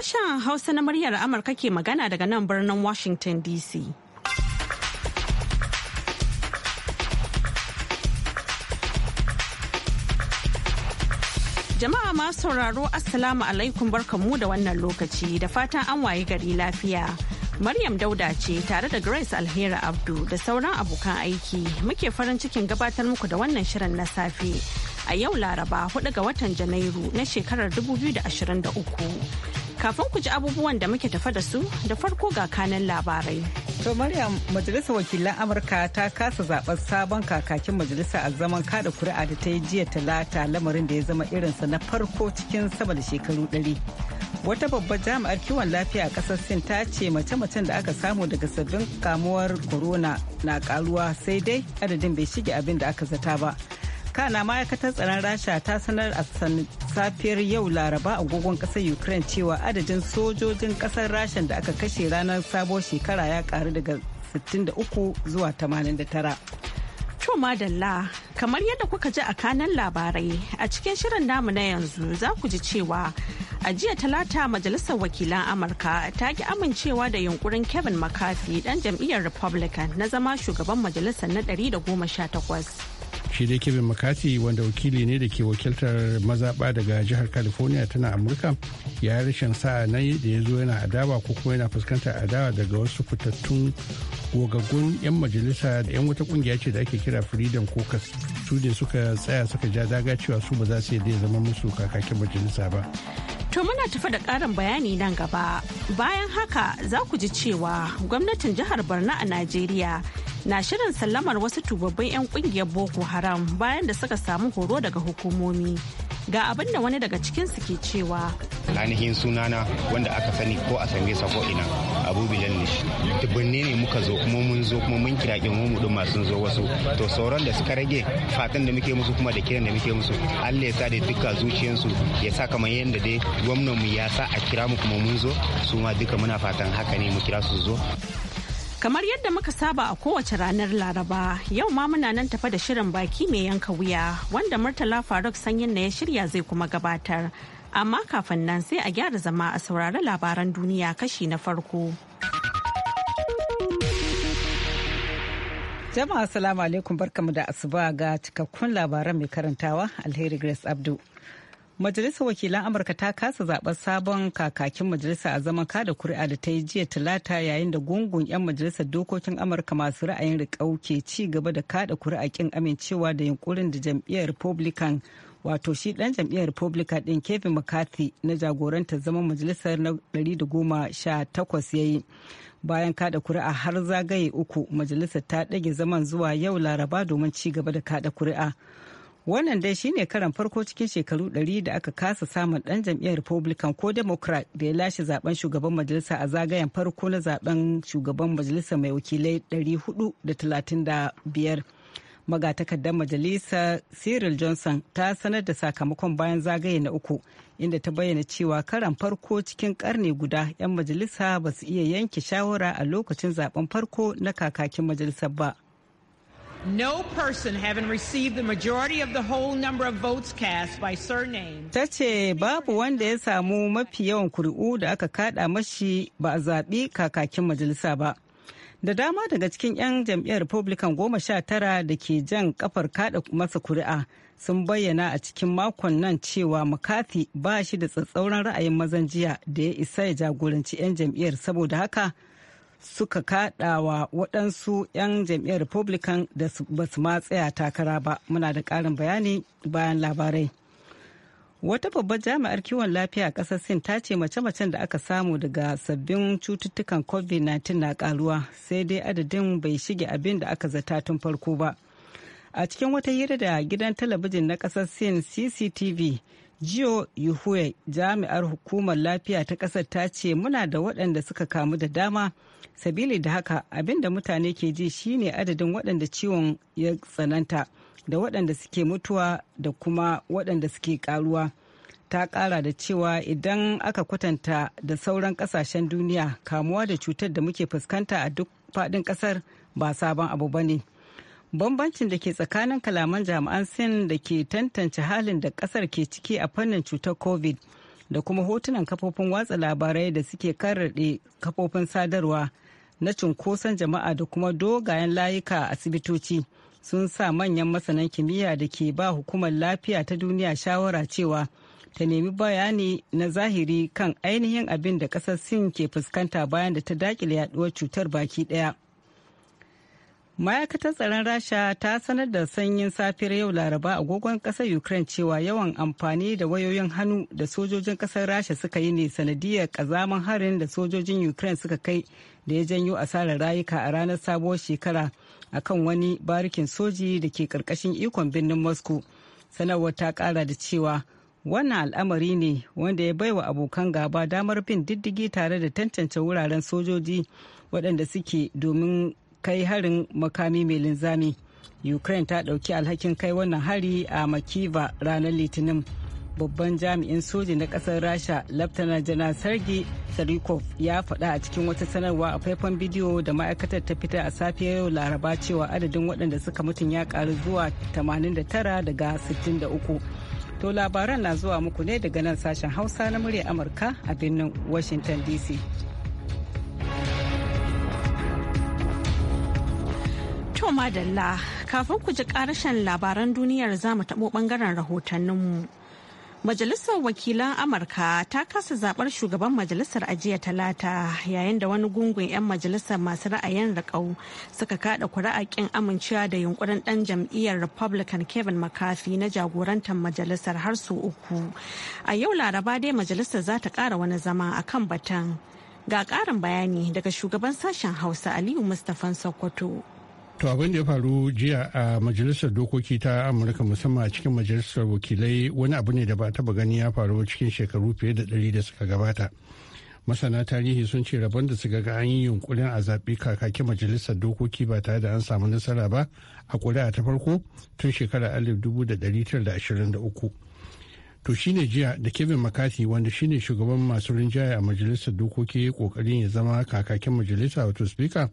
Sashen Hausa na muryar Amurka ke magana daga nan birnin Washington DC. Jama'a masu sauraro Assalamu alaikum mu da wannan lokaci da fatan an waye gari lafiya. Maryam Dauda ce tare da Grace Alheri Abdu da sauran abokan aiki muke farin cikin gabatar muku da wannan shirin na safe a yau Laraba 4 ga watan Janairu na shekarar 2023. Kafin ku ji abubuwan da muke tafa da su da farko ga kanan labarai. To Maryam Majalisar Wakilan Amurka ta kasa zaɓar sabon kakakin majalisa a zaman kada kuri'a da ta yi jiya talata lamarin da ya zama irinsa na farko cikin sama da shekaru ɗari. wata babbar jami'ar kiwon lafiya a ƙasar sin ta ce mace-macen da aka samu daga sabbin kamuwar corona na karuwa sai dai adadin bai shige abin da aka zata ba kana ma'aikatar tsaron rasha ta sanar a safiyar yau laraba agogon kasar ukraine cewa adadin sojojin kasar rasha da aka kashe ranar sabuwar shekara ya karu daga 63 zuwa 89 To madalla kamar yadda kuka ji a kanan labarai a cikin shirin namu na yanzu za ku ji cewa a jiya talata majalisar wakilan amurka ta ki amincewa da yunkurin kevin mccarthy dan jam'iyyar republican na zama shugaban majalisar na 118 shi dai kevin mccarthy wanda wakili ne da ke wakiltar mazaɓa daga jihar california tana amurka ya yi rashin sa'a na da ya zo yana adawa ko kuma yana fuskantar adawa daga wasu fitattun gogaggun 'yan majalisa da 'yan wata kungiya ce da ake kira freedom caucus su ne suka tsaya suka ja daga cewa su ba za su yi ya zama musu kakakin majalisa ba To muna tafi da ƙarin bayani nan gaba. Bayan haka za ku ji cewa gwamnatin jihar Borno a Najeriya na shirin sallamar wasu tubabbin 'yan kungiyar boko haram bayan da suka samu horo daga hukumomi ga abin da wani daga cikinsu ke cewa ainihin sunana wanda aka sani ko a sange sa ko ina abu bilan ne dubbanne ne muka zo kuma mun zo kuma mun kira kin mu din masu zo wasu to sauran da suka rage fatan da muke musu kuma da kiran da muke musu Allah ya sa da duka zuciyansu ya sa kamar yanda dai gwamnan mu ya sa a kira mu kuma mun zo su ma duka muna fatan haka ne mu kira su zo Kamar yadda muka saba a kowace ranar Laraba, yau ma muna nan tafa da shirin baki mai yanka wuya wanda Murtala Faruk sanyin na ya shirya zai kuma gabatar. Amma kafin nan sai a gyara zama a saurari labaran duniya kashi na farko. Jama'a salamu alaikum barkamu da asuba ga cikakkun labaran mai karantawa Alheri Grace Abdu. Majalisar Wakilan Amurka ta kasa zaɓar sabon kakakin majalisa a zaman kada kuri'a da ta yi jiya talata yayin da gungun 'yan majalisar dokokin Amurka masu ra'ayin riƙau ke ci gaba da kada kuri'a kin amincewa da yunkurin da jam'iyyar Republican wato shi ɗan jam'iyyar Republican ɗin Kevin McCarthy na jagoranta zaman majalisar na 118 ya yi. Bayan kada kuri'a har zagaye uku majalisar ta ɗage zaman zuwa yau Laraba domin ci gaba da kada kuri'a. wannan dai shine karan farko cikin shekaru 100 da aka kasa samun dan jam'iyyar republican ko democrat da ya lashe zaben shugaban majalisa a zagayen farko na zaben shugaban majalisa mai wakilai 435 magatakardar majalisa cyril johnson ta sanar da sakamakon bayan zagaye na uku inda ta bayyana cewa karan farko cikin karni guda 'yan majalisa ba su iya yanke shawara a lokacin zaben farko na kakakin majalisar ba. No person having received the majority of the whole number of votes cast by surname. Ta ce babu wanda ya samu mafi yawan kuri'u da aka kada mashi ba a zaɓi kakakin majalisa ba. Da dama daga cikin 'yan jam'iyyar Republican goma sha tara da ke jan kafar kada masa kuri'a sun bayyana a cikin makon nan cewa McCarthy ba shi da tsatsauran ra'ayin mazan jiya da ya isa ya jagoranci 'yan jam'iyyar saboda haka suka kaɗawa waɗansu 'yan jam'iyyar republican da ba su ma tsaya takara ba muna da ƙarin bayani bayan labarai wata babbar jami'ar kiwon lafiya a ƙasar sin ta ce mace-macen da aka samu daga sabbin cututtukan covid-19 na ƙaruwa, sai dai adadin bai shige abin da aka zata tun farko ba a cikin wata hira da gidan talabijin na ƙasar sin cctv Jiyo Yuhue jami'ar hukumar lafiya ta ƙasar ta ce muna da waɗanda suka kamu da dama sabili da haka abinda mutane ke ji shine adadin waɗanda ciwon ya tsananta da waɗanda suke mutuwa da kuma waɗanda suke ƙaruwa Ta ƙara da cewa idan aka kwatanta da sauran ƙasashen duniya kamuwa da cutar da muke fuskanta a duk faɗin ƙasar ba sabon abu ba ne. bambancin da ke tsakanin kalaman jami'an sin da ke tantance halin da kasar ke ciki a fannin cutar covid da kuma hotunan kafofin watsa labarai da suke karrade kafofin sadarwa na cunkoson jama'a da kuma dogayen layuka a asibitoci sun sa manyan masanan kimiyya da ke ba hukumar lafiya ta duniya shawara cewa ta nemi bayani na zahiri kan ainihin abin da kasar sin ke fuskanta bayan da ta daƙile yaduwar cutar baki ɗaya. ma'aikatar tsaron rasha ta sanar da sanyin safiyar yau laraba agogon kasar ukraine cewa yawan amfani da wayoyin hannu da sojojin kasar rasha suka yi ne sanadiyar kazaman harin da sojojin ukraine suka kai da ya janyo asarar rayuka a ranar sabuwar shekara akan wani barikin soji da ke karkashin ikon birnin moscow sanarwar ta kara da cewa wannan al'amari ne wanda ya baiwa abokan gaba damar bin diddigi tare da tantance wuraren sojoji waɗanda suke domin kai harin makami mai linzami ukraine ta ɗauki alhakin kai wannan hari a makiva ranar litinin babban jami'in soji na kasar rasha laftana janar sergi sarikov ya faɗa a cikin wata sanarwa a faifan bidiyo da ma'aikatar ta fita a safiyar yau laraba cewa adadin waɗanda suka mutum ya ƙaru zuwa 89 daga 63 to labaran na zuwa muku ne daga nan sashen hausa na murya amurka a birnin washington dc To madalla kafin ku ji karashen labaran duniyar zamu taɓo ɓangaren rahotanninmu. Majalisar wakilan Amurka ta kasa zaɓar shugaban majalisar ajiya talata yayin da wani gungun 'yan majalisar masu ra'ayin riƙau suka kaɗa kuri'a ƙin amincewa da yunkurin ɗan jam'iyyar Republican Kevin McCarthy na jagorantar majalisar har su uku. A yau Laraba dai majalisar za ta ƙara wani zama a kan batan. Ga ƙarin bayani daga shugaban sashen Hausa Aliyu Mustapha Sokoto. To abin da ya faru jiya a majalisar dokoki ta Amurka musamman a cikin majalisar wakilai wani abu ne da ba taba gani ya faru cikin shekaru fiye da ɗari da suka gabata. Masana tarihi sun ce rabon da suka ga an yi yunkurin a zaɓi kakakin majalisar dokoki ba tare da an samu nasara ba a ƙuri'a ta farko tun shekara alif dubu da da shekarar 1923. To shine jiya da Kevin makati wanda shine shugaban masu rinjaye a majalisar dokoki ƙoƙarin ya zama kakakin majalisa wato speaker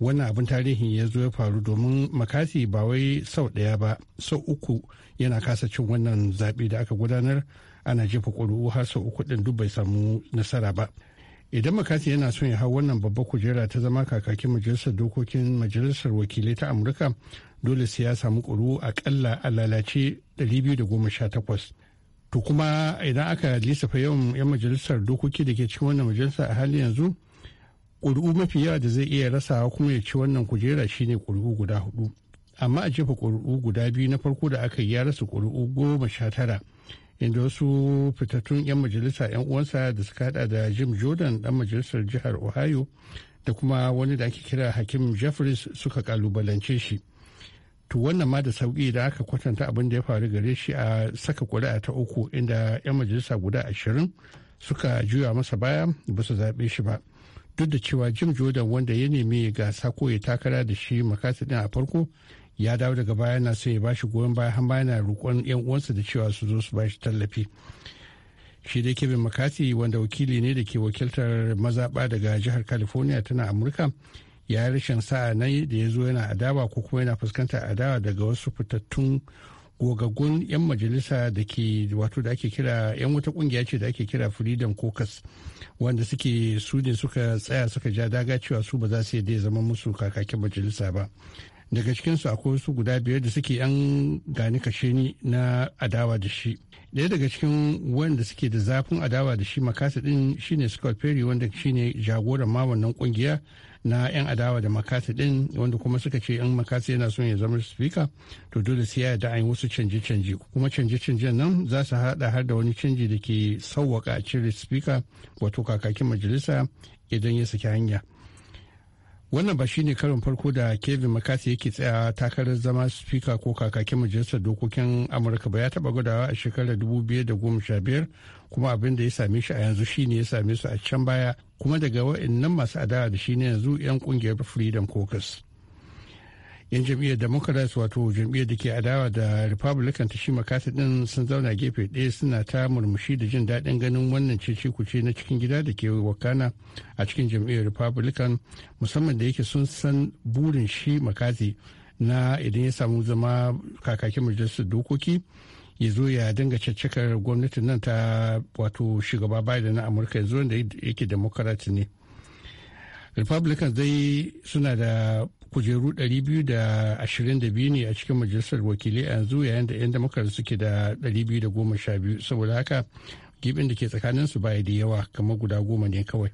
wannan abin tarihin ya zo ya faru domin makasi ba wai sau ɗaya ba sau uku yana kasa cin wannan zaɓe da aka gudanar ana jefa ƙuri'u har sau uku ɗin duk bai samu nasara ba idan makasi yana son ya hau wannan babbar kujera ta zama kakakin majalisar dokokin majalisar wakilai ta amurka dole sai ya samu ƙuri'u aƙalla a lalace ɗari biyu da goma sha 218 to kuma idan aka lissafa yawan 'yan majalisar dokoki da ke cikin wannan majalisa a hali yanzu ƙuri'u mafi yawa da zai iya rasawa kuma ya ci wannan kujera shine ƙuri'u guda hudu amma a jefa ƙuri'u guda biyu na farko da aka yi ya rasa ƙuri'u goma sha tara inda wasu fitattun 'yan majalisa 'yan uwansa da suka hada da jim jordan dan majalisar jihar ohio da kuma wani da ake kira hakim jeffries suka kalubalance shi to wannan ma da sauki da aka kwatanta abin da ya faru gare shi a saka kuri'a ta uku inda 'yan majalisa guda ashirin suka juya masa baya ba su zaɓe shi ba duk da cewa jim jordan wanda ya nemi gasa ko ya takara da shi makasidin a farko ya dawo daga baya na so ya bashi goyon baya har yana roƙon yan uwansa da cewa su zo su bashi tallafi shi dai kevin makasi wanda wakili ne da ke wakiltar mazaɓa daga jihar california tana amurka ya yi rashin sa'a nan da ya zo yana adawa ko kuma yana fuskantar adawa daga wasu fitattun gogaggun 'yan majalisa da ke wato da ake kira 'yan wata kungiya ce da ake kira freedom caucus wanda suke su ne suka tsaya suka ja daga cewa su ba za su dai zama musu kakakin majalisa ba daga cikinsu akwai wasu guda biyar da suke yan gani kashe ni na adawa da shi ɗaya daga cikin wanda suke da zafin adawa da shi makasa ɗin shine scott perry wanda shine jagoran ma wannan kungiya na 'yan adawa da makasi din wanda kuma suka ce 'yan makasi yana son ya zama spika to dole sai ya da wasu canje-canje kuma canje-canjen nan za su hada har da wani canji da ke sauwaka a cire spika wato kakakin majalisa idan ya saki hanya wannan ba shine karin farko da kevin makasi yake tsaya takarar zama spika ko kakakin majalisar dokokin amurka ba ya taba gudawa a shekarar biyar. kuma abin da ya same shi a yanzu shine ya same su a can baya kuma daga wa'annan masu adawa da shi ne yanzu 'yan kungiyar freedom caucus yan jam'iyyar democrats wato jam'iyyar da ke adawa da republican ta shi makasa din sun zauna gefe ɗaya suna ta murmushi da jin daɗin ganin wannan cece kuce na cikin gida da ke wakana a cikin jam'iyyar republican musamman da yake sun san burin shi makasi na idan ya samu zama kakakin majalisar dokoki ya zo ya dinga caccakar gwamnatin nan ta wato shugaba biden na amurka yanzu wanda yake democrat ne republicans dai suna da kujeru 222 ne a cikin majalisar wakilai a yanzu yayin da 'yan democrat suke da 212 saboda haka gibin da ke tsakanin tsakaninsu baya da yawa kamar guda goma ne kawai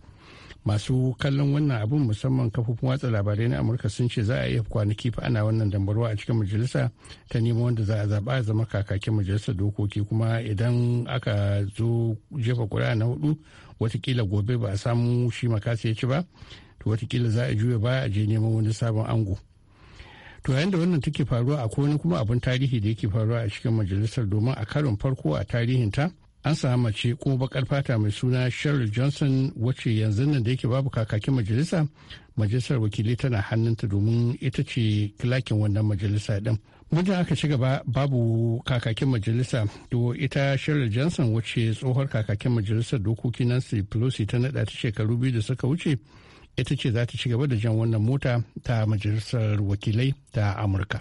masu kallon wannan abun musamman kafofin watsa labarai na amurka sun ce za a iya kwanaki fa ana wannan dambarwa a cikin majalisa ta nemo wanda za a zaba a zama kakakin majalisar dokoki kuma idan aka zo jefa kuri'a na hudu watakila gobe ba a samu shi makasa ya ci ba to watakila za a juya baya a je neman wani sabon ango to yayin da wannan take faruwa akwai wani kuma abin tarihi da yake faruwa a cikin majalisar domin a karin farko a tarihinta an samu mace ko bakar fata mai suna Sheryl Johnson wacce yanzu nan da yake babu kakakin majalisa majalisar wakilai tana hannunta domin ita ce kilakin wannan majalisa din. mujin aka ci gaba babu kakakin majalisa to ita Sheryl Johnson wacce tsohon kakakin majalisar dokoki Nancy Pelosi ta naɗa ta shekaru biyu da suka wuce ita ce za ta ci gaba da jan wannan mota ta majalisar wakilai ta Amurka.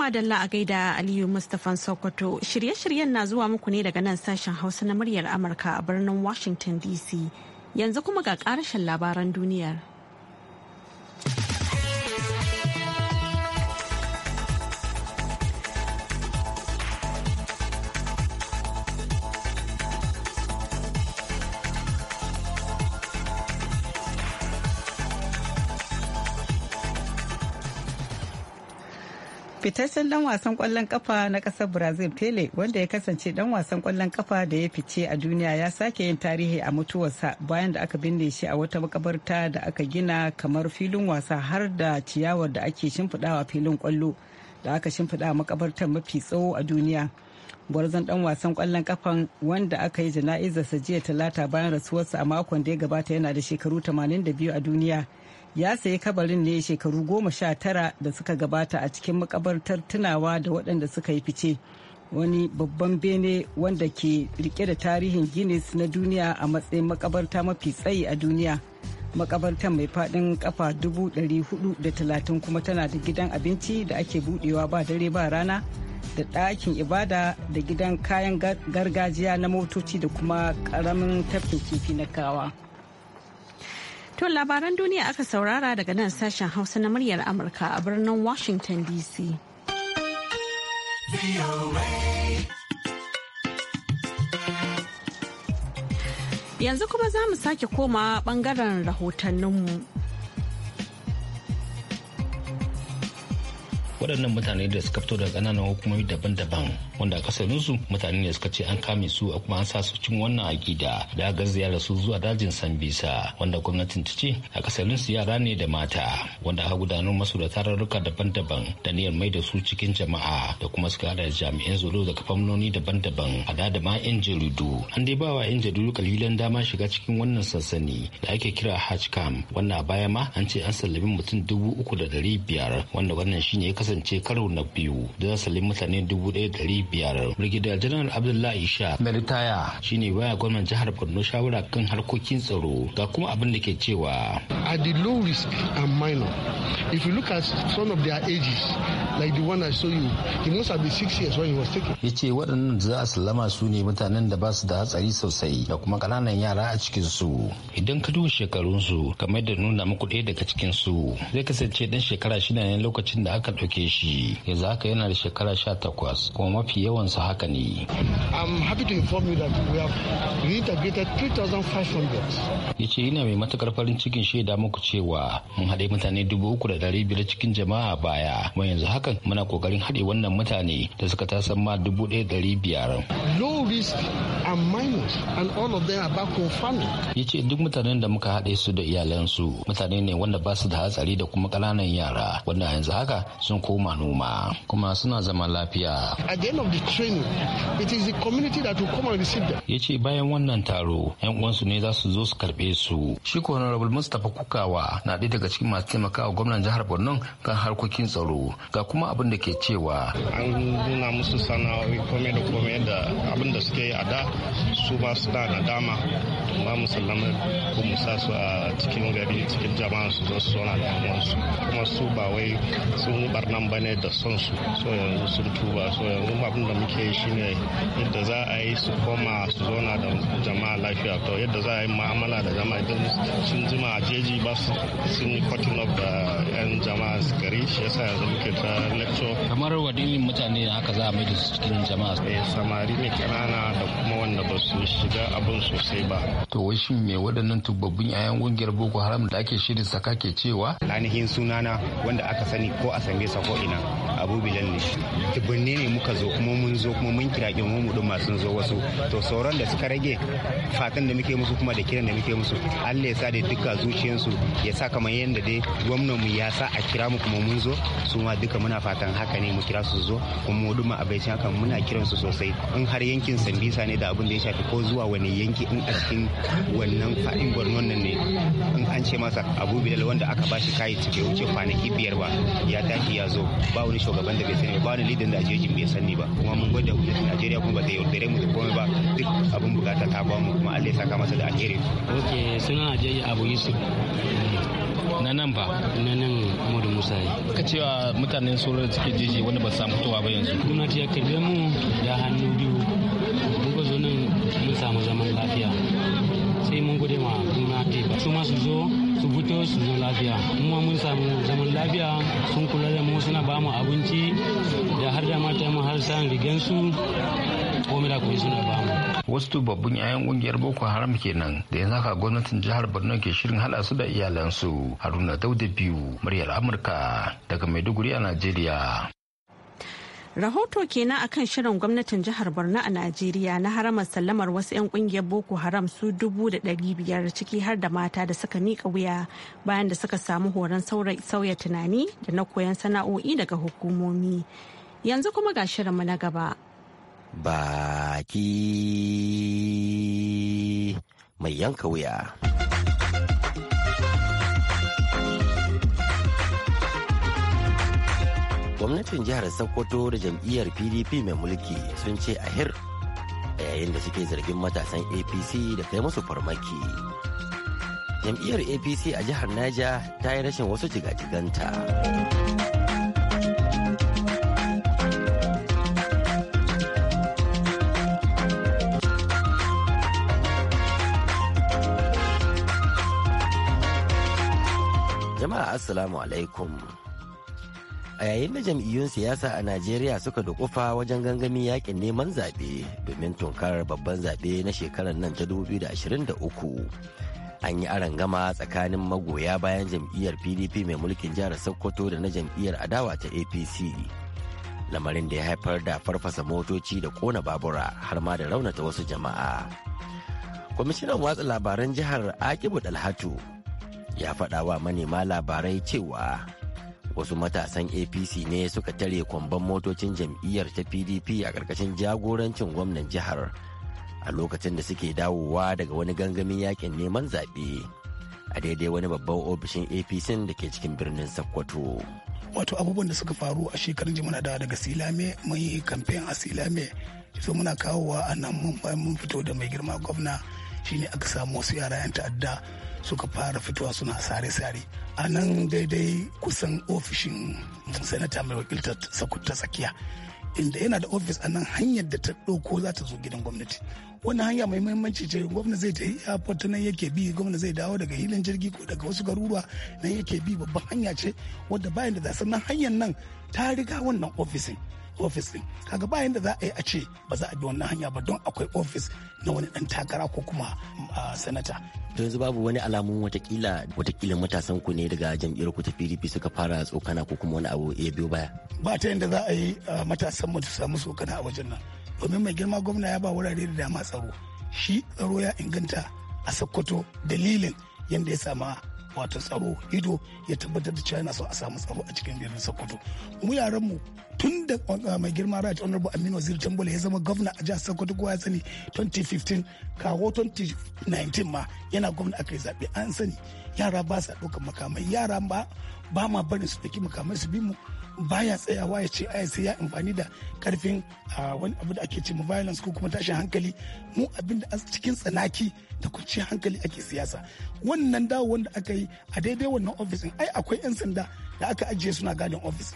madalla a gaida Aliyu Mustapha Sokoto. Shirye-shiryen na zuwa muku ne daga nan sashen Hausa na muryar Amurka a birnin Washington DC. Yanzu kuma ga ƙarashin labaran duniyar. fitaccen dan wasan kwallon kafa na kasar brazil pele wanda ya kasance dan wasan kwallon kafa da ya fice a duniya ya sake yin tarihi a mutuwarsa bayan da aka binne shi a wata makabarta da aka gina kamar filin wasa har da ciyawar da ake shimfidawa filin kwallo da aka shimfida makabartar mafi tsawo a duniya gwarzon dan wasan kwallon kafan wanda aka yi jana'izarsa jiya talata bayan rasuwarsa a makon da ya gabata yana da shekaru 82 a duniya ya sayi kabarin ne shekaru goma sha tara da suka gabata a cikin makabartar tunawa da waɗanda suka yi fice wani babban bene wanda ke rike da tarihin guinness na duniya a matsayin makabarta mafi tsayi a duniya makabartar mai faɗin kafa talatin kuma tana da gidan abinci da ake budewa ba dare ba rana da ɗakin ibada da gidan kayan gargajiya na motoci da kuma ƙaramin tafkin kifi na kawa. To labaran duniya aka saurara daga nan sashen Hausa na muryar Amurka a birnin Washington DC. Yanzu kuma za mu sake koma bangaren rahotanninmu. Waɗannan mutane da suka fito daga ƙananan hukumomi daban-daban wanda akasarinsu mutane ne suka ce an kame su a kuma an sa su cin wannan akida da garzaya ziyara su zuwa dajin sambisa wanda gwamnatin ta ce akasarinsu yara ne da mata wanda aka gudanar masu da tararruka daban-daban da niyyar mai da su cikin jama'a da kuma suka hada da jami'an tsaro daga fannoni daban-daban a da ma 'yan jaridu an dai bawa 'yan jaridu kalilan dama shiga cikin wannan sansani da ake kira hajj camp wanda a baya ma an ce an sallami mutum dubu uku da dari biyar wanda wannan shine ya kasance karo na biyu da sallami mutane dubu ɗaya dari biyar brigadier general abdullahi sha na ritaya shine baya gwamnan jihar borno shawara kan harkokin tsaro ga kuma abin da ke cewa at the low risk and minor if you look at some of their ages like the one i show you he must have been six years when he was taken yace waɗannan za a sallama su ne mutanen da ba su da hatsari sosai da kuma ƙananan yara a cikin su idan ka duba shekarunsu kamar da nuna muku ɗaya daga cikin su zai kasance dan shekara shida ne lokacin da aka ɗauke shi yanzu haka yana da shekara sha takwas kuma mafi mafi yawansu haka ne. happy to inform you that we have reintegrated 3,500. Ya ce yana mai matukar farin cikin shaida muku cewa mun haɗe mutane dubu uku da ɗari biyar cikin jama'a baya. Kuma yanzu hakan muna ƙoƙarin haɗe wannan mutane da suka tasan ma dubu ɗaya ɗari biyar. Low risk and minus and all of them are back home family. Ya duk mutanen da muka haɗe su da iyalansu mutane ne wanda ba su da hatsari da kuma kananan yara wanda yanzu haka sun koma noma kuma suna zama lafiya. At the the training it is the community that will come and receive them ya ce bayan wannan taro yan uwansu ne za su zo su karbe su shi ko honorable mustapha kukawa na ɗaya daga cikin masu taimakawa gwamnan jihar borno kan harkokin tsaro ga kuma abin da ke cewa an nuna musu sana'o'i kome da kome da abin da suke yi a da su ba su da nadama ba sallama ko musa su a cikin gari cikin jama'a su zo su zauna da uwansu. kuma su ba wai sun barnan bane da son su so yanzu sun tuba so yanzu ba abin da muke shine yadda za a yi su koma su zauna da jama'a lafiya to yadda za a yi ma'amala da jama'a idan sun jima a jeji ba su sun yi kwatin da yan jama'a su gari shi yasa yanzu muke ta lecture kamar wadin mutane da aka za a maida su cikin jama'a eh samari ne kanana da kuma wanda ba su shiga abin sosai ba to wai shin me waɗannan tubabbun yayan kungiyar boko haram da ake shirin saka ke cewa ainihin sunana wanda aka sani ko a same sa ko ina abu bilan ne birni ne muka zo kuma mun zo kuma mun kira kin mu din masu zo wasu to sauran da suka rage fatan da muke musu kuma da kiran da muke musu Allah ya sa da duka zuciyansu ya sa kamar yadda dai gwamnan mu ya sa a kira mu kuma mun zo su ma duka muna fatan haka ne mu kira su zo kuma mu duma abaicin haka muna kiran su sosai in har yankin Sambisa ne da abin da ya shafi ko zuwa wani yanki in a cikin wannan fadin Borno nan ne in an ce masa Abu Bilal wanda aka bashi kai cike wuce kwanaki biyar ba ya tashi ya zo ba wani shugaba shugaban da bai sani ba ni lidin da a jejin bai sani ba kuma mun gwada gwamnatin Najeriya kuma ba ta yaudare mu da komai ba duk abin bukata ta ba mu kuma Allah ya saka masa da alheri. Ok sunan Najeriya Abu Yusuf. na nan ba na nan Muhammadu musa ne ka cewa mutanen sura da suke jeji wanda ba su samu fitowa ba yanzu gwamnati ya karbe mu da hannu biyu mun ga zo nan mun samu zaman lafiya sai mun gode ma gwamnati ba su ma su zo su fito su zo lafiya kuma mun samu zaman lafiya sun kula da mu suna ba mu abinci da har da mata mu har sa su komai da kuma suna ba mu wasu babban 'ya'yan kungiyar boko haram kenan da yanzu haka gwamnatin jihar borno ke shirin hada su da iyalansu haruna dauda biyu muryar amurka daga maiduguri a najeriya Rahoto kenan akan shirin gwamnatin jihar Borno a Najeriya na haramar sallamar wasu 'yan kungiyar Boko Haram su dubu da ɗari biyar ciki har da mata da suka mika wuya bayan da suka samu horon sauya tunani da na koyon sana'o'i daga hukumomi. Yanzu kuma ga shirinmu na gaba. Baki mai yanka wuya. gwamnatin jihar sokoto da jam'iyyar pdp mai mulki sun ce ahir a yayin da suke zargin matasan apc da kai musu farmaki jam'iyyar apc a jihar naija ta yi rashin wasu jigajiganta jama'a assalamu alaikum a yayin da jam'iyyun siyasa a najeriya suka dukufa wajen gangami yakin neman zaɓe domin tunkarar babban zaɓe na shekarar nan ta 2023 an yi gama tsakanin magoya bayan jam'iyyar pdp mai mulkin jihar sokoto da na jam'iyyar adawa ta apc lamarin da ya haifar da farfasa motoci da kona babura har ma da raunata wasu jama'a kwamishinan watsa labaran jihar akibu dalhatu ya faɗawa manema labarai cewa wasu matasan apc ne suka tare kwamban motocin jam'iyyar ta pdp a karkashin jagorancin gwamnan jihar a lokacin da suke dawowa daga wani gangamin yakin neman zaɓe a daidai wani babban ofishin apc da ke cikin birnin sokoto wato abubuwan da suka faru a shekarun jimana da daga silame mun yi kamfen a silame so muna kawowa a nan mun mun fito da mai girma gwamna shine aka samu wasu yara yan ta'adda suka fara fitowa suna sare-sare a nan daidai kusan ofishin sanata mai wakiltar ta tsakiya inda yana da ofis a nan hanyar da ta ɗauko za ta zo gidan gwamnati wannan hanya mai muhimmanci ce gwamna zai ta airport nan yake bi gwamna zai dawo daga hilin jirgi ko daga wasu garuruwa nan yake bi babban hanya ce wadda bayan da zasan nan hanyar nan ta riga wannan ofisin ofis din kaga ba yanda za a yi a ce ba za a bi wannan hanya ba don akwai ofis na wani dan takara ko kuma sanata to yanzu babu wani alamun watakila watakila matasan ku ne daga jam'iyyar ku ta PDP suka fara tsokana ko kuma wani abu ya biyo baya ba ta yanda za a yi matasan mu su samu tsokana a wajen nan domin mai girma gwamna ya ba wurare da dama tsaro shi tsaro ya inganta a Sokoto dalilin yanda ya sama wato tsaro ido ya tabbatar da cewa yana so a samu tsaro a cikin birnin sokoto mu yaran mu tun da uh, mai girma right honorable aminu wazir Tambola ya zama gwamna a jihar sokoto kowa ya sani 2015 kawo 2019 ma yana gwamna aka yi zaɓe an sani yara ba sa ɗaukar makamai yara ba ba ma barin su ɗauki makamai su bi mu baya tsayawa ya ce ai sai ya amfani da karfin uh, wani abu da ake ce mu violence ko kuma tashin hankali mu abin da cikin tsanaki da kunciyar hankali ake siyasa wannan dawo wanda aka yi a daidai wannan ofisin ai akwai 'yan sanda da aka ajiye suna gadin ofis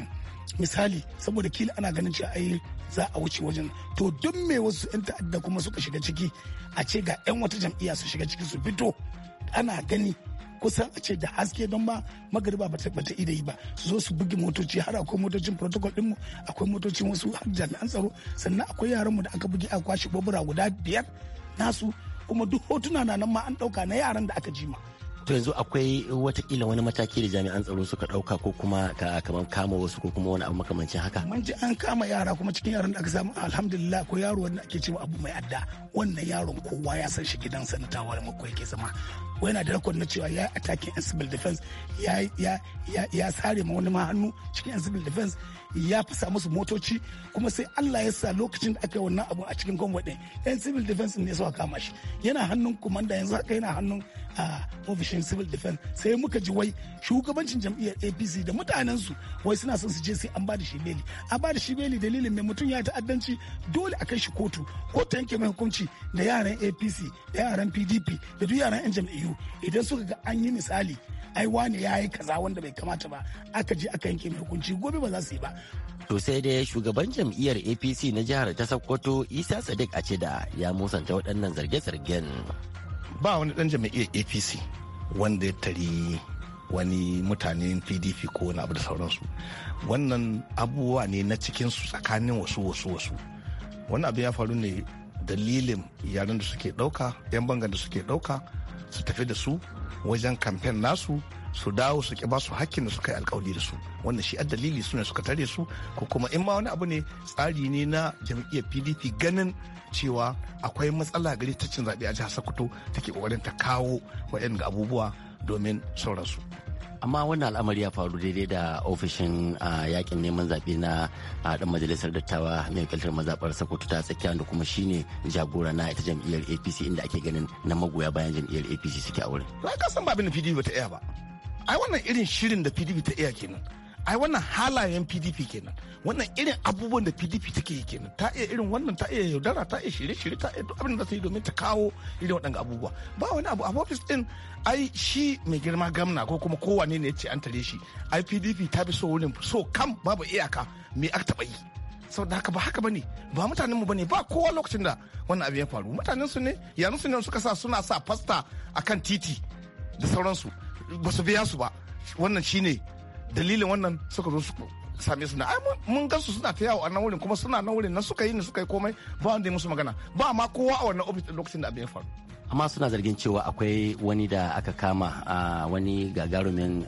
misali saboda kila ana ganin cewa ai za a wuce wajen to duk me wasu 'yan ta'adda kuma suka shiga ciki a ce ga 'yan wata jam'iyya su shiga ciki su fito ana gani kusan a ce da haske don ba magariba ba ta da yi ba su zo su bugi motoci har akwai motocin protocol mu akwai motocin wasu har jami'an tsaro sannan akwai yaran mu da aka bugi a kwashe bobura guda biyar nasu kuma duk hotuna na nan ma an dauka na yaran da aka jima to yanzu akwai watakila wani mataki da jami'an tsaro suka dauka ko kuma ka kamar kama wasu ko kuma wani abu makamancin haka mun ji an kama yara kuma cikin yaran da aka samu alhamdulillah ko yaro wanda ake cewa abu mai adda wannan yaron kowa ya san shi gidan sanatawa da makwai ke zama yana da rakon na cewa ya attacking in civil defense ya ya ya sare ma wani ma hannu cikin in civil defense ya fasa musu motoci kuma sai Allah ya sa lokacin da aka yi wannan abu a cikin gwamnati ɗin yan civil defense ne suka kama shi yana hannun komanda yanzu haka yana hannun a ofishin civil defense sai muka ji wai shugabancin jam'iyyar apc da mutanensu wai suna son su je sai an ba da shi beli a ba da shi beli dalilin mai mutum ya ta'addanci dole a kai shi kotu ko ta yanke mai hukunci da yaran apc da yaran pdp da duk yaran yan jam'iyyu idan suka ga an yi misali ai wani ya yi kaza wanda bai kamata ba aka je aka yanke mai hukunci gobe ba za su yi ba To sai dai shugaban jam'iyyar APC na jihar ta Sokoto Isa Sadiq a da ya musanta waɗannan zarge-zargen. ba wani dan jam'iyyar apc wanda ya tari wani mutanen pdp ko wani abu da sauransu wannan abubuwa ne na cikin su tsakanin wasu wasu wasu wani abu ya faru ne dalilin yaran da suke ɗauka 'yan bangan da suke ɗauka su tafi da su wajen kamfen nasu su dawo su ki su hakkin da suka yi alkawari da su wanda shi a dalili su ne suka tare su ko kuma in ma wani abu ne tsari ne na jam'iyyar pdp ganin cewa akwai matsala gari ta cin zaɓe a jihar sokoto take kokarin ta kawo waɗanda abubuwa domin sauransu amma wannan al'amari ya faru daidai da ofishin yakin neman zaɓe na ɗan majalisar dattawa mai wakiltar mazaɓar sokoto ta tsakiya da kuma shine jagora na ita jam'iyyar apc inda ake ganin na magoya bayan jam'iyyar apc suke a wurin. ka san ba abin da pdp ta iya ba ai wannan irin shirin da pdp ta iya kenan ai wannan halayen pdp kenan wannan irin abubuwan da pdp take kenan ta iya irin wannan ta iya yaudara ta iya shirye-shirye ta iya duk abin da ta yi domin ta kawo irin waɗanga abubuwa ba wani abu a ofis din ai shi mai girma gamna ko kuma kowane ne ya ce an tare shi ai pdp ta fi so wurin so kam babu iyaka me aka taɓa yi saboda haka ba haka bane ba mutanen mu bane ba kowa lokacin da wannan abu ya faru mutanen su ne yanzu su ne suka sa suna sa fasta akan titi da sauransu ba su biya su ba wannan shine dalilin wannan suka zo suka same su na ai mun gansu suna ta yawo a nan wurin kuma suna nan wurin nan suka yi ne suka yi komai ba wanda ya musu magana ba ma kowa a wannan ofis lokacin da abin ya faru amma suna zargin cewa akwai wani da aka kama a wani gagarumin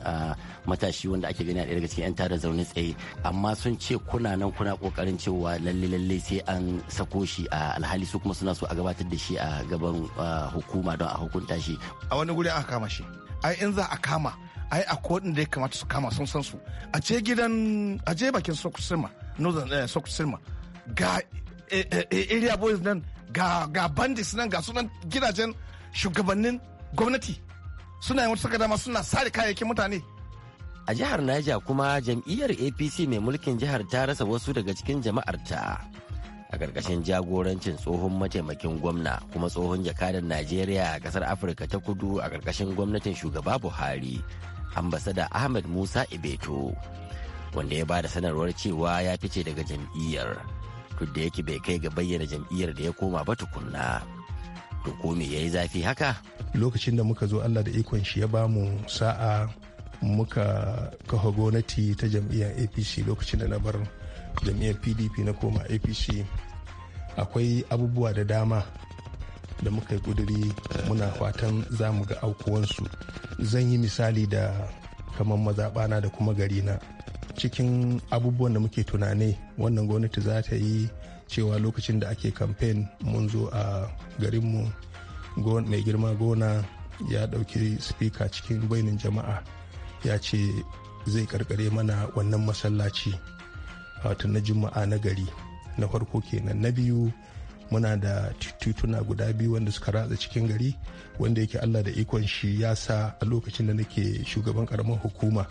matashi wanda ake gani a ɗaya daga cikin 'yan tara zaune tsaye amma sun ce kuna nan kuna kokarin cewa lalle lalle sai an sako shi a alhali su kuma suna so a gabatar da shi a gaban hukuma don a hukunta shi a wani guri aka kama shi ai in za a kama ai a kodin da ya kamata su kama sun san su a ce gidan a je bakin sokusirma northern eh, sokusirma ga eh, eh, area boys nan ga ga bandits nan ga sunan gidajen shugabannin gwamnati suna yin wata dama suna sare kayayyakin mutane a jihar Niger kuma jam'iyyar APC mai mulkin jihar ta rasa wasu daga cikin jama'arta a ƙarƙashin jagorancin tsohon mataimakin gwamna kuma tsohon jakadan Najeriya a ƙasar Afirka ta kudu a ƙarƙashin gwamnatin shugaba Buhari ambasada Ahmed Musa Ibeto wanda ya ba da sanarwar cewa ya fice daga jam'iyyar. duk da yake bai kai ga bayyana jam'iyyar da ya koma ba tukunna to ko me yayi zafi haka lokacin da muka zo Allah da ikon shi ya bamu sa'a muka kafa gwamnati ta jam'iyyar APC lokacin da na bar jam'iyyar PDP na koma APC akwai abubuwa da dama da muka yi kuduri muna fatan za mu ga aukuwansu zan yi misali da kamar mazaɓana da kuma garina cikin abubuwan da muke tunani wannan gwamnati za ta yi cewa lokacin da ake kamfen mun zo a garinmu mai girma gona ya ɗauki spika cikin bainin jama'a ya ce zai karkare mana wannan masallaci wato na juma'a na gari na farko kenan na biyu muna da tituna guda biyu wanda suka ratsa cikin gari wanda yake allah da ikon shi ya sa a lokacin da nake shugaban karamar hukuma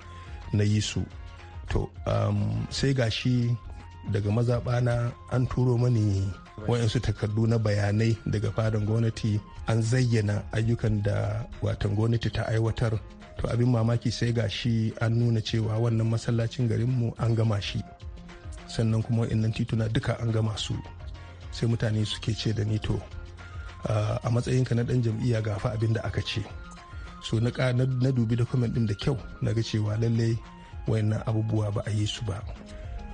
na yi su to um, sai gashi daga mazaɓana an turo mani wayansu takardu na bayanai daga fadan gwamnati an zayyana ayyukan da watan gwamnati ta aiwatar to abin mamaki sai gashi an nuna cewa wannan masallacin garinmu an gama shi sannan kuma wa'annan tituna duka an gama su sai mutane suke ce da ni to ah, a matsayinka na dan jam'iyya gafa abin da aka ce so na dubi da din da kyau na ga cewa lallai wayannan abubuwa ba a yi su ba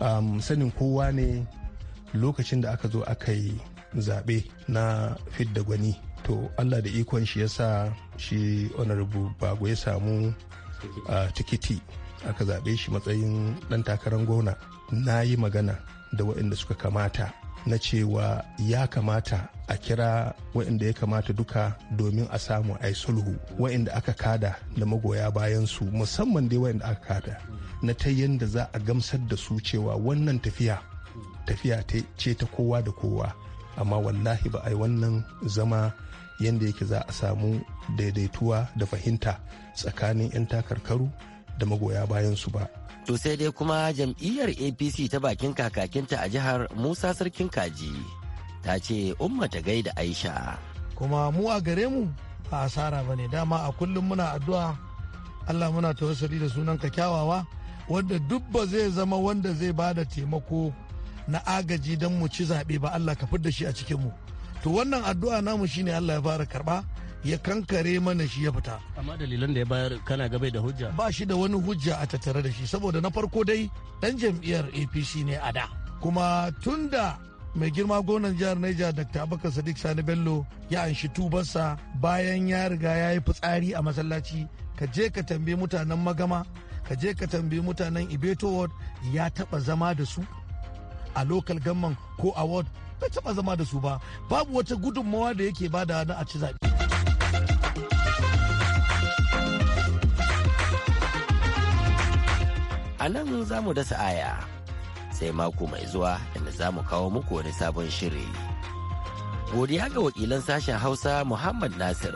um, sanin kowa ne lokacin da aka zo aka yi zaɓe na fidda gwani to allah da ikon shi ya sa shi honorable bago ya samu uh, tikiti aka zaɓe shi matsayin ɗan takarar gona na yi magana da waɗanda suka kamata na cewa ya kamata a kira waɗanda ya kamata duka domin a samu ai sulhu waɗanda aka kada da magoya bayansu musamman dai waɗanda aka kada na ta yadda za a gamsar da su cewa wannan tafiya tafiya ce ta kowa da kowa amma wallahi ba a yi wannan zama yadda yake za a samu daidaituwa da fahimta tsakanin 'yan takarkaru da magoya bayan su ba To sai dai kuma jam'iyyar APC ta bakin kakakinta a jihar Musa Sarkin Kaji ta ce umma ta gaida Aisha. Kuma mu a gare mu ba asara ba ne dama a kullum muna addu'a Allah muna tawassali da sunan ka kyawawa wanda dubba zai zama wanda zai ba da taimako na agaji don mu ci zaɓe ba Allah ka fidda shi a cikin mu. To wannan addu'a namu shine Allah ya fara karɓa ya kankare mana shi ya fita amma dalilan da ya bayar kana gabai da hujja ba shi da wani hujja a tattare da shi saboda na farko dai dan jam'iyyar apc ne a da kuma tunda mai girma gonan jihar Niger Dr. Abubakar Sadiq Sani Bello ya anshi tubarsa bayan ya riga ya yi fitsari a masallaci ka je ka tambayi mutanen magama ka je ka tambayi mutanen Ibeto Ward ya taba zama da su a local gamman ko a ward bai taba zama da su ba babu wata gudunmawa da yake bada na a ci zaɓe. a nan za mu dasa aya sai mako mai zuwa inda za mu kawo muku wani sabon shiri. Godiya ga wakilan sashen Hausa Muhammad Nasir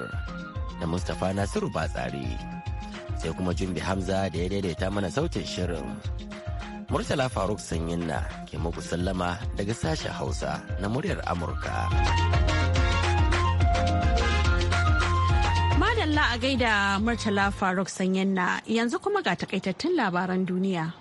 da Mustapha Nasiru Batsari sai kuma Jumbi Hamza da ya daidaita mana sautin shirin. Murtala Faruk Sanyinna ke muku sallama daga sashen Hausa na muryar Amurka. Madalla a gaida Murtala Faruk Sanyanna yanzu kuma ga takaitattun labaran duniya.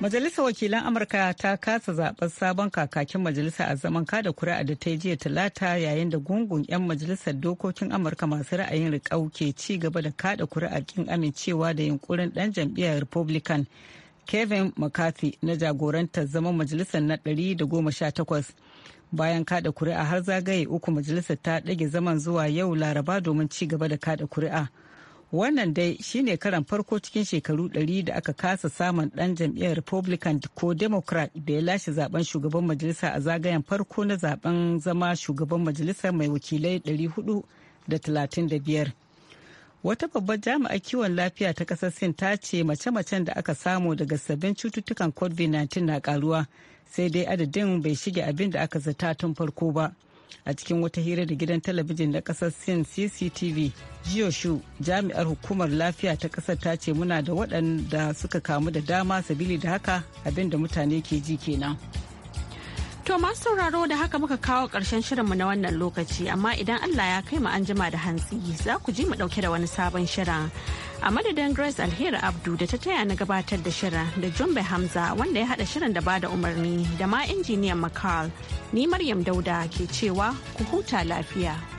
Majalisar Wakilan Amurka ta kasa zaɓar sabon kakakin majalisa a zaman kada kuri'a da ta yi jiya talata yayin da gungun 'yan majalisar dokokin Amurka masu ra'ayin riƙau ke ci gaba da kada kuri'a kin amincewa da yunkurin ɗan jam'iyyar Republican Kevin McCarthy na jagorantar zaman majalisar na 118. bayan kada kuri'a har zagaye uku majalisar ta ɗage zaman zuwa yau laraba domin ci gaba da kada kuri'a wannan dai shine karan farko cikin shekaru 100 da aka kasa samun ɗan jam'iyyar republican ko democrat da ya lashe zaben shugaban majalisa a zagayen farko na zaben zama shugaban majalisa mai wakilai 435 wata babbar jami'ar kiwon lafiya ta kasar sin ta ce mace-macen da aka samu daga sabbin cututtukan covid-19 na karuwa sai dai adadin bai shige abin da aka zata tun farko ba a cikin wata hira da gidan talabijin na kasar sin cctv jiyoshu jami'ar hukumar lafiya ta kasar ta ce muna da waɗanda suka kamu da dama sabili da haka abin da mutane ke ji kenan to masu sauraro da haka muka kawo ƙarshen shirinmu na wannan lokaci amma idan allah ya kai mu an jima da hantsi za ku ji mu ɗauke da wani sabon shirin a madadin grace alheri abdu da ta taya na gabatar da shirin da jumbe hamza wanda ya hada shirin da bada umarni da ma injiniyan makal ni maryam dauda ke cewa ku huta lafiya